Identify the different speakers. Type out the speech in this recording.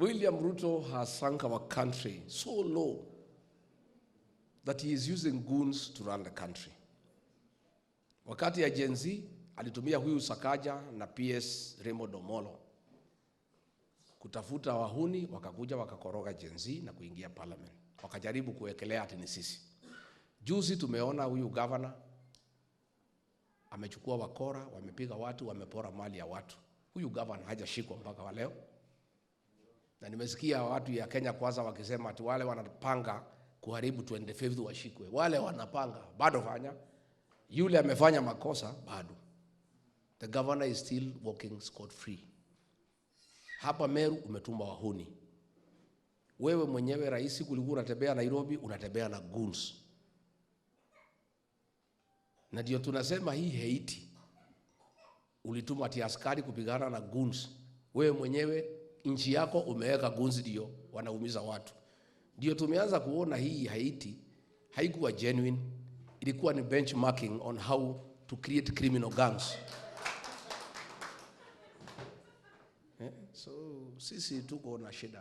Speaker 1: William Ruto has sunk our country so low that he is using goons to run the country. Wakati ya Gen Z alitumia huyu Sakaja na PS Raymond Omollo kutafuta wahuni, wakakuja wakakoroga Gen Z na kuingia parliament, wakajaribu kuwekelea ati ni sisi. Juzi tumeona huyu governor amechukua wakora, wamepiga watu, wamepora mali ya watu. Huyu governor hajashikwa mpaka leo na nimesikia watu ya Kenya Kwanza wakisema ati wale wanapanga kuharibu 25 washikwe, wale wanapanga bado fanya, yule amefanya makosa bado. The governor is still walking scot free. Hapa Meru umetuma wahuni. Wewe mwenyewe rais, kulikuwa unatembea Nairobi, unatembea na guns, na ndio tunasema hii Haiti ulituma ati askari kupigana na guns, wewe mwenyewe nchi yako umeweka gunzi, ndio wanaumiza watu. Ndio tumeanza kuona hii Haiti haikuwa genuine, ilikuwa ni benchmarking on how to create criminal gangs. Eh, so sisi tuko na shida.